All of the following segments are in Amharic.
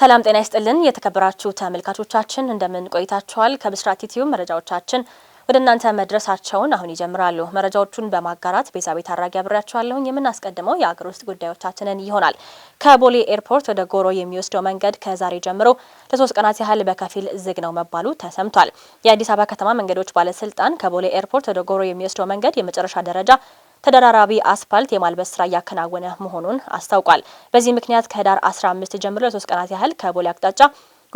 ሰላም ጤና ይስጥልን የተከበራችሁ ተመልካቾቻችን፣ እንደምን ቆይታችኋል? ከብስራት ዩቲዩብ መረጃዎቻችን ወደ እናንተ መድረሳቸውን አሁን ይጀምራሉ። መረጃዎቹን በማጋራት ቤዛቤት አድራጊ አብሬያችኋለሁኝ። የምናስቀድመው የአገር ውስጥ ጉዳዮቻችንን ይሆናል። ከቦሌ ኤርፖርት ወደ ጎሮ የሚወስደው መንገድ ከዛሬ ጀምሮ ለሶስት ቀናት ያህል በከፊል ዝግ ነው መባሉ ተሰምቷል። የአዲስ አበባ ከተማ መንገዶች ባለስልጣን ከቦሌ ኤርፖርት ወደ ጎሮ የሚወስደው መንገድ የመጨረሻ ደረጃ ተደራራቢ አስፋልት የማልበስ ስራ እያከናወነ መሆኑን አስታውቋል። በዚህ ምክንያት ከህዳር 15 ጀምሮ ለሶስት ቀናት ያህል ከቦሌ አቅጣጫ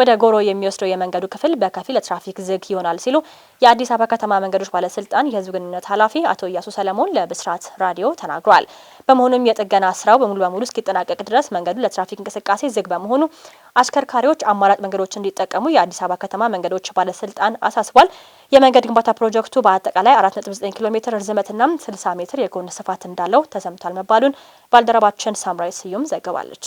ወደ ጎሮ የሚወስደው የመንገዱ ክፍል በከፊል ለትራፊክ ዝግ ይሆናል ሲሉ የአዲስ አበባ ከተማ መንገዶች ባለስልጣን የህዝብ ግንኙነት ኃላፊ አቶ እያሱ ሰለሞን ለብስራት ራዲዮ ተናግረዋል። በመሆኑም የጥገና ስራው በሙሉ በሙሉ እስኪጠናቀቅ ድረስ መንገዱ ለትራፊክ እንቅስቃሴ ዝግ በመሆኑ አሽከርካሪዎች አማራጭ መንገዶች እንዲጠቀሙ የአዲስ አበባ ከተማ መንገዶች ባለስልጣን አሳስቧል። የመንገድ ግንባታ ፕሮጀክቱ በአጠቃላይ 4.9 ኪሎ ሜትር ርዝመትና 60 ሜትር የጎን ስፋት እንዳለው ተሰምቷል መባሉን ባልደረባችን ሳምራይ ስዩም ዘግባለች።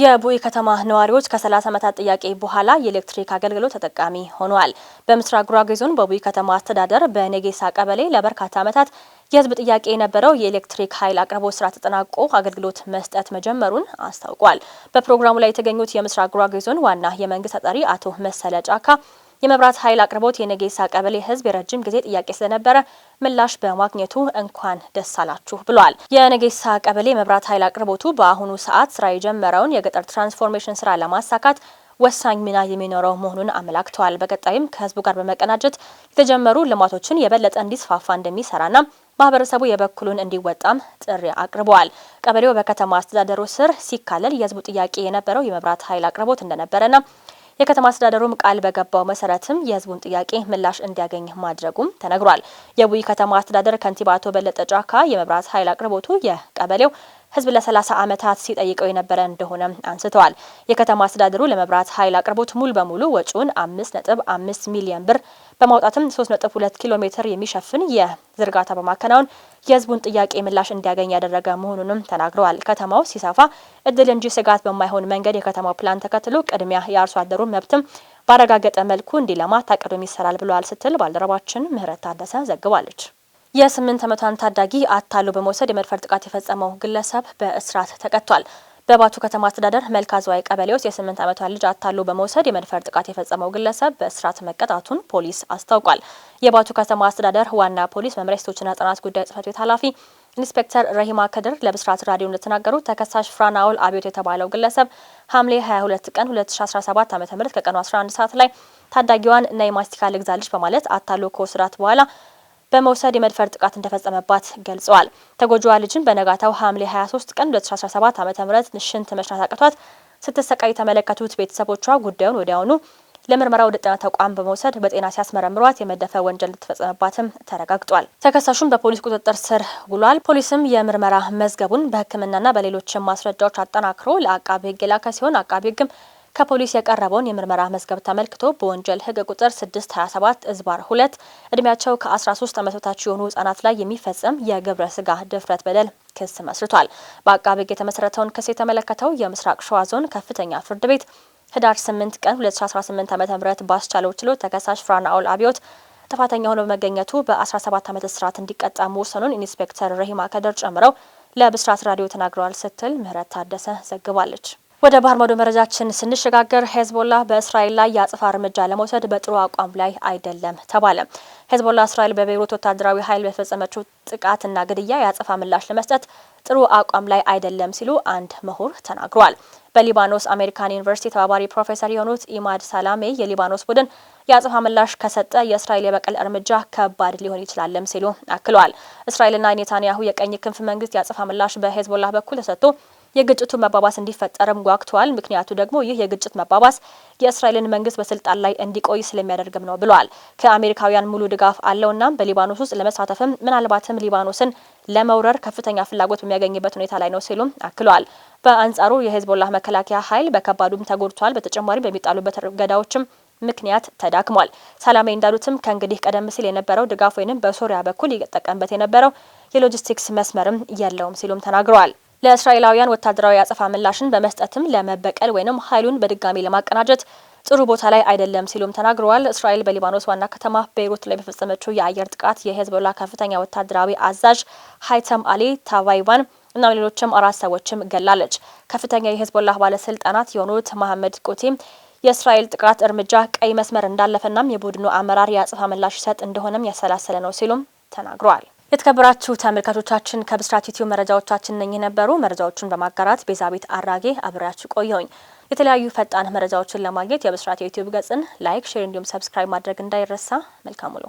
የቡኢ ከተማ ነዋሪዎች ከ30 ዓመታት ጥያቄ በኋላ የኤሌክትሪክ አገልግሎት ተጠቃሚ ሆኗል። በምስራቅ ጉራጌ ዞን በቡኢ ከተማ አስተዳደር በኔጌሳ ቀበሌ ለበርካታ ዓመታት የህዝብ ጥያቄ የነበረው የኤሌክትሪክ ኃይል አቅርቦት ስራ ተጠናቆ አገልግሎት መስጠት መጀመሩን አስታውቋል። በፕሮግራሙ ላይ የተገኙት የምስራቅ ጉራጌ ዞን ዋና የመንግስት ተጠሪ አቶ መሰለ ጫካ የመብራት ኃይል አቅርቦት የነጌሳ ቀበሌ ህዝብ የረጅም ጊዜ ጥያቄ ስለነበረ ምላሽ በማግኘቱ እንኳን ደስ አላችሁ ብሏል። የነጌሳ ቀበሌ መብራት ኃይል አቅርቦቱ በአሁኑ ሰዓት ስራ የጀመረውን የገጠር ትራንስፎርሜሽን ስራ ለማሳካት ወሳኝ ሚና የሚኖረው መሆኑን አመላክተዋል። በቀጣይም ከህዝቡ ጋር በመቀናጀት የተጀመሩ ልማቶችን የበለጠ እንዲስፋፋ እንደሚሰራና ማህበረሰቡ የበኩሉን እንዲወጣም ጥሪ አቅርበዋል። ቀበሌው በከተማ አስተዳደሩ ስር ሲካለል የህዝቡ ጥያቄ የነበረው የመብራት ኃይል አቅርቦት እንደነበረና የከተማ አስተዳደሩም ቃል በገባው መሰረትም የህዝቡን ጥያቄ ምላሽ እንዲያገኝ ማድረጉም ተነግሯል። የቡይ ከተማ አስተዳደር ከንቲባ አቶ በለጠ ጫካ የመብራት ኃይል አቅርቦቱ የቀበሌው ህዝብ ለ30 ዓመታት ሲጠይቀው የነበረ እንደሆነ አንስተዋል። የከተማ አስተዳደሩ ለመብራት ኃይል አቅርቦት ሙሉ በሙሉ ወጪውን 5.5 ሚሊዮን ብር በማውጣትም 3.2 ኪሎ ሜትር የሚሸፍን የዝርጋታ በማከናወን የህዝቡን ጥያቄ ምላሽ እንዲያገኝ ያደረገ መሆኑንም ተናግረዋል። ከተማው ሲሰፋ እድል እንጂ ስጋት በማይሆን መንገድ የከተማው ፕላን ተከትሎ ቅድሚያ የአርሶ አደሩ መብትም ባረጋገጠ መልኩ እንዲለማ ታቅዶም ይሰራል ብለዋል ስትል ባልደረባችን ምህረት ታደሰ ዘግባለች። የስምንት ዓመቷን ታዳጊ አታሎ በመውሰድ የመድፈር ጥቃት የፈጸመው ግለሰብ በእስራት ተቀጥቷል። በባቱ ከተማ አስተዳደር መልካ ዝዋይ ቀበሌ ውስጥ የስምንት ዓመቷን ልጅ አታሎ በመውሰድ የመድፈር ጥቃት የፈጸመው ግለሰብ በእስራት መቀጣቱን ፖሊስ አስታውቋል። የባቱ ከተማ አስተዳደር ዋና ፖሊስ መምሪያ ሴቶችና ህጻናት ጉዳይ ጽህፈት ቤት ኃላፊ ኢንስፔክተር ረሂማ ከድር ለብስራት ራዲዮ እንደተናገሩት ተከሳሽ ፍራናውል አብዮት የተባለው ግለሰብ ሐምሌ 22 ቀን 2017 ዓ ም ከቀኑ 11 ሰዓት ላይ ታዳጊዋን ነይ ማስቲካ ልግዛልሽ በማለት አታሎ ከወስዳት በኋላ በመውሰድ የመድፈር ጥቃት እንደፈጸመባት ገልጸዋል። ተጎጂዋ ልጅም በነጋታው ሐምሌ 23 ቀን 2017 ዓ ም ንሽንት መሽናት አቅቷት ስትሰቃይ የተመለከቱት ቤተሰቦቿ ጉዳዩን ወዲያውኑ ለምርመራ ወደ ጤና ተቋም በመውሰድ በጤና ሲያስመረምሯት የመደፈ ወንጀል እንደተፈጸመባትም ተረጋግጧል። ተከሳሹም በፖሊስ ቁጥጥር ስር ውሏል። ፖሊስም የምርመራ መዝገቡን በሕክምናና በሌሎችም ማስረጃዎች አጠናክሮ ለአቃቢ ሕግ የላከ ሲሆን አቃቢ ሕግም ከፖሊስ የቀረበውን የምርመራ መዝገብ ተመልክቶ በወንጀል ሕግ ቁጥር 627 እዝባር 2 እድሜያቸው ከ13 ዓመት በታች የሆኑ ህጻናት ላይ የሚፈጸም የግብረ ስጋ ድፍረት በደል ክስ መስርቷል። በአቃቤ የተመሰረተውን ክስ የተመለከተው የምስራቅ ሸዋ ዞን ከፍተኛ ፍርድ ቤት ህዳር 8 ቀን 2018 ዓ ም ባስቻለው ችሎት ተከሳሽ ፍራናኦል አብዮት ጥፋተኛ ሆኖ በመገኘቱ በ17 ዓመት እስራት እንዲቀጣ መወሰኑን ኢንስፔክተር ረሂማ ከደር ጨምረው ለብስራት ራዲዮ ተናግረዋል ስትል ምህረት ታደሰ ዘግባለች። ወደ ባህር ማዶ መረጃችን ስንሸጋገር ሄዝቦላ በእስራኤል ላይ የአጽፋ እርምጃ ለመውሰድ በጥሩ አቋም ላይ አይደለም ተባለ። ሄዝቦላ እስራኤል በቤይሩት ወታደራዊ ኃይል በፈጸመችው ጥቃትና ግድያ የአጽፋ ምላሽ ለመስጠት ጥሩ አቋም ላይ አይደለም ሲሉ አንድ ምሁር ተናግረዋል። በሊባኖስ አሜሪካን ዩኒቨርሲቲ ተባባሪ ፕሮፌሰር የሆኑት ኢማድ ሳላሜ የሊባኖስ ቡድን የአጽፋ ምላሽ ከሰጠ የእስራኤል የበቀል እርምጃ ከባድ ሊሆን ይችላለም ሲሉ አክለዋል። እስራኤልና ኔታንያሁ የቀኝ ክንፍ መንግስት የአጽፋ ምላሽ በሄዝቦላ በኩል ተሰጥቶ የግጭቱ መባባስ እንዲፈጠርም ጓግተዋል። ምክንያቱ ደግሞ ይህ የግጭት መባባስ የእስራኤልን መንግስት በስልጣን ላይ እንዲቆይ ስለሚያደርግም ነው ብለዋል። ከአሜሪካውያን ሙሉ ድጋፍ አለውና በሊባኖስ ውስጥ ለመሳተፍም ምናልባትም ሊባኖስን ለመውረር ከፍተኛ ፍላጎት በሚያገኝበት ሁኔታ ላይ ነው ሲሉም አክሏል። በአንጻሩ የሄዝቦላህ መከላከያ ኃይል በከባዱም ተጎድቷል። በተጨማሪም በሚጣሉበት ገዳዎችም ምክንያት ተዳክሟል። ሰላማዊ እንዳሉትም ከእንግዲህ ቀደም ሲል የነበረው ድጋፍ ወይንም በሶሪያ በኩል ይጠቀምበት የነበረው የሎጂስቲክስ መስመርም የለውም ሲሉም ተናግረዋል። ለእስራኤላውያን ወታደራዊ አጸፋ ምላሽን በመስጠትም ለመበቀል ወይም ኃይሉን በድጋሚ ለማቀናጀት ጥሩ ቦታ ላይ አይደለም ሲሉም ተናግረዋል። እስራኤል በሊባኖስ ዋና ከተማ ቤይሩት ላይ በፈጸመችው የአየር ጥቃት የሄዝቦላ ከፍተኛ ወታደራዊ አዛዥ ሀይተም አሊ ታቫይቫን እና ሌሎችም አራት ሰዎችም ገላለች። ከፍተኛ የሄዝቦላ ባለስልጣናት የሆኑት መሐመድ ቁቲም የእስራኤል ጥቃት እርምጃ ቀይ መስመር እንዳለፈናም የቡድኑ አመራር የአጸፋ ምላሽ ይሰጥ እንደሆነም ያሰላሰለ ነው ሲሉም ተናግረዋል። የተከበራችሁ ተመልካቾቻችን ከብስራት ዩቲዩብ መረጃዎቻችን እነኚህ ነበሩ። መረጃዎቹን በማጋራት ቤዛቤት አራጌ አብሬያችሁ ቆየሁኝ። የተለያዩ ፈጣን መረጃዎችን ለማግኘት የብስራት የዩቲዩብ ገጽን ላይክ፣ ሼር እንዲሁም ሰብስክራይብ ማድረግ እንዳይረሳ። መልካም ውሎ